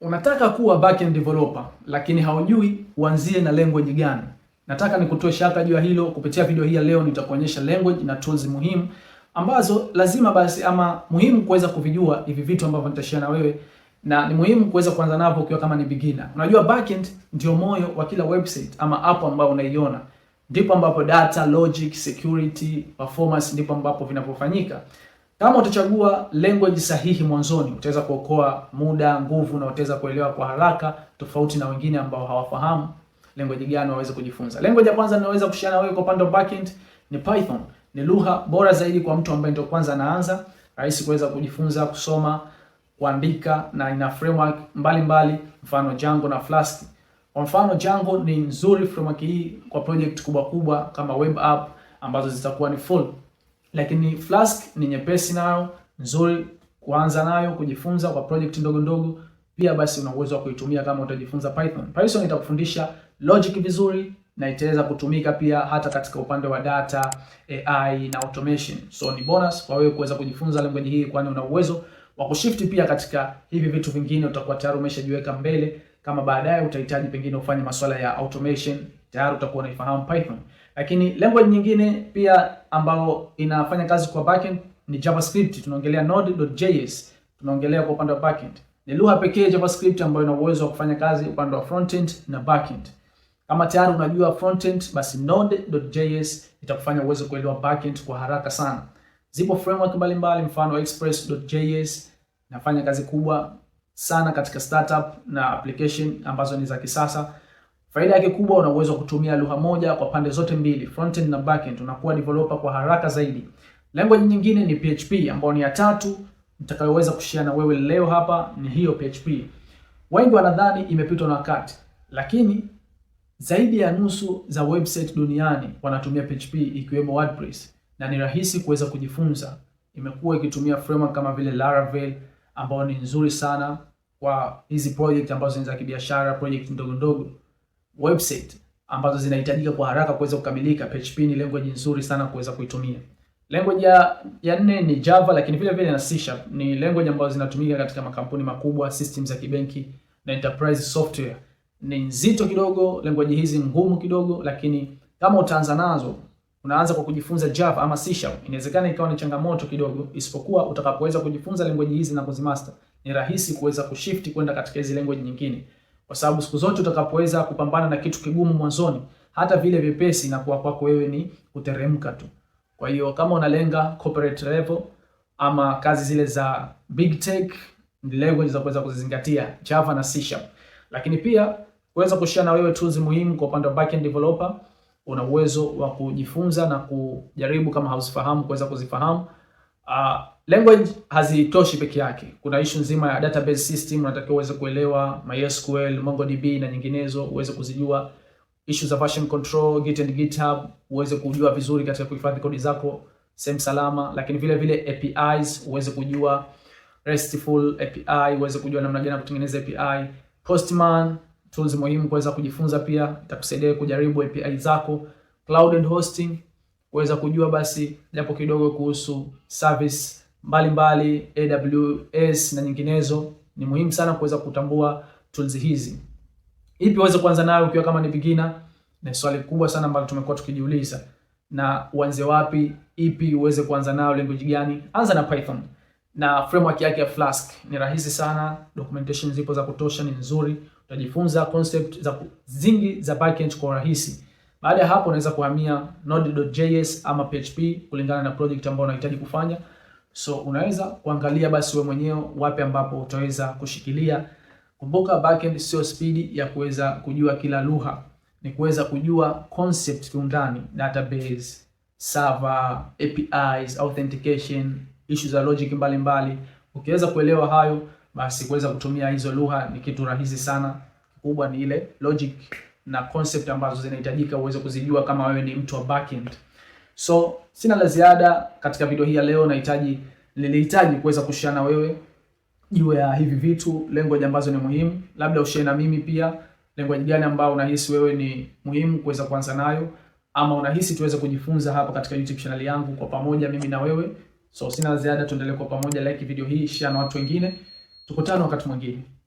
Unataka kuwa backend developer lakini haujui uanzie na language gani? Nataka nikutoe shaka juu ya hilo. Kupitia video hii ya leo, nitakuonyesha language na tools muhimu ambazo lazima basi ama muhimu kuweza kuvijua hivi vitu ambavyo nitashare na wewe, na ni muhimu kuweza kuanza navyo ukiwa kama ni beginner. Unajua backend ndio moyo wa kila website ama app ambayo unaiona, ndipo ambapo data, logic, security, performance ndipo ambapo vinapofanyika. Kama utachagua language sahihi mwanzoni, utaweza kuokoa muda, nguvu na utaweza kuelewa kwa haraka, tofauti na wengine ambao hawafahamu language gani waweze kujifunza. Language ya kwanza ninaweza kushare na wewe kwa upande wa backend ni Python. Ni lugha bora zaidi kwa mtu ambaye ndio kwanza anaanza, rahisi kuweza kujifunza, kusoma, kuandika na ina framework mbalimbali mbali, mfano Django na Flask. Kwa mfano Django ni nzuri framework hii kwa project kubwa kubwa kama web app ambazo zitakuwa ni full lakini Flask ni nyepesi nayo nzuri kuanza nayo kujifunza kwa project ndogo ndogo. Pia basi una uwezo wa kuitumia kama utajifunza Python. Python itakufundisha logic vizuri na itaweza kutumika pia hata katika upande wa data, AI na automation. So ni bonus kwa wewe kuweza kujifunza language hii, kwani una uwezo wa kushift pia katika hivi vitu vingine. Utakuwa tayari umeshajiweka mbele, kama baadaye utahitaji pengine ufanye masuala ya automation, tayari utakuwa unaifahamu Python. Lakini language nyingine pia ambayo inafanya kazi kwa backend ni JavaScript. Tunaongelea node.js, tunaongelea kwa upande wa backend. Ni lugha pekee JavaScript ambayo ina uwezo wa kufanya kazi upande wa frontend na backend. Kama tayari unajua frontend, basi node.js itakufanya uweze kuelewa backend kwa haraka sana. Zipo framework mbalimbali, mfano express.js inafanya kazi kubwa sana katika startup na application ambazo ni za kisasa. Faida yake kubwa, una uwezo kutumia lugha moja kwa pande zote mbili, front end na back end, Unakuwa developer kwa haraka zaidi. Language nyingine ni PHP ambayo ni ya tatu nitakayoweza kushare na wewe leo hapa ni hiyo PHP. Wengi wanadhani imepitwa na wakati, lakini zaidi ya nusu za website duniani wanatumia PHP ikiwemo WordPress na ni rahisi kuweza kujifunza. Imekuwa ikitumia framework kama vile Laravel ambayo ni nzuri sana kwa hizi project ambazo ni za kibiashara, project ndogo ndogo website ambazo zinahitajika kwa haraka kuweza kukamilika. PHP ni language nzuri sana kuweza kuitumia. Language ya, ya nne ni Java, lakini vile vile na C Sharp ni language ambazo zinatumika katika makampuni makubwa, systems za kibenki na enterprise software. Ni nzito kidogo, language hizi ngumu kidogo, lakini kama utaanza nazo unaanza kwa kujifunza Java ama C Sharp, inawezekana ikawa ni changamoto kidogo, isipokuwa utakapoweza kujifunza language hizi na kuzimaster, ni rahisi kuweza kushift kwenda katika hizi language nyingine kwa sababu siku zote utakapoweza kupambana na kitu kigumu mwanzoni, hata vile vyepesi na kuwa kwako wewe ni kuteremka tu. Kwa hiyo kama unalenga corporate level ama kazi zile za big tech, ni language za kuweza kuzizingatia Java na C Sharp, lakini pia kuweza kushare na wewe tools muhimu kwa upande wa backend developer. Una uwezo wa kujifunza na kujaribu, kama hauzifahamu kuweza kuzifahamu Uh, language hazitoshi peke yake. Kuna issue nzima ya database system, unatakiwa uweze kuelewa MySQL, MongoDB na nyinginezo, uweze kuzijua issue za version control, Git and GitHub, uweze kujua vizuri katika kuhifadhi kodi zako sehemu salama, lakini vile vile APIs uweze kujua RESTful API, uweze kujua namna gani ya kutengeneza API, Postman, tools muhimu kuweza kujifunza, pia itakusaidia kujaribu API zako, cloud and hosting kuweza kujua basi japo kidogo kuhusu service mbalimbali mbali, AWS na nyinginezo. Ni muhimu sana kuweza kutambua tools hizi. Ipi uweze kuanza nayo ukiwa kama ni beginner? Ni swali kubwa sana ambalo tumekuwa tukijiuliza. Na uanze wapi? Ipi uweze kuanza nayo, language gani? Anza na Python na framework yake ya Flask. Ni rahisi sana, documentation zipo za kutosha, ni nzuri. Utajifunza concept za zingi za backend kwa urahisi. Baada ya hapo unaweza kuhamia node.js ama PHP kulingana na project ambayo unahitaji kufanya. So unaweza kuangalia basi wewe mwenyewe wapi ambapo utaweza kushikilia. Kumbuka backend sio speed ya kuweza kujua kila lugha, ni kuweza kujua concept kiundani, database, server, APIs, authentication, issues za logic mbalimbali. Ukiweza kuelewa hayo, basi kuweza kutumia hizo lugha ni kitu rahisi sana. Kubwa ni ile logic na concept ambazo zinahitajika uweze kuzijua kama wewe ni mtu wa backend. So sina la ziada katika video hii ya leo, nahitaji nilihitaji kuweza kushare na wewe juu ya hivi vitu, language ambazo ni muhimu, labda ushare na mimi pia language gani ambayo unahisi wewe ni muhimu kuweza kuanza nayo ama unahisi tuweze kujifunza hapa katika YouTube channel yangu kwa pamoja mimi na wewe. So sina la ziada, tuendelee kwa pamoja, like video hii, share na watu wengine. Tukutane wakati mwingine.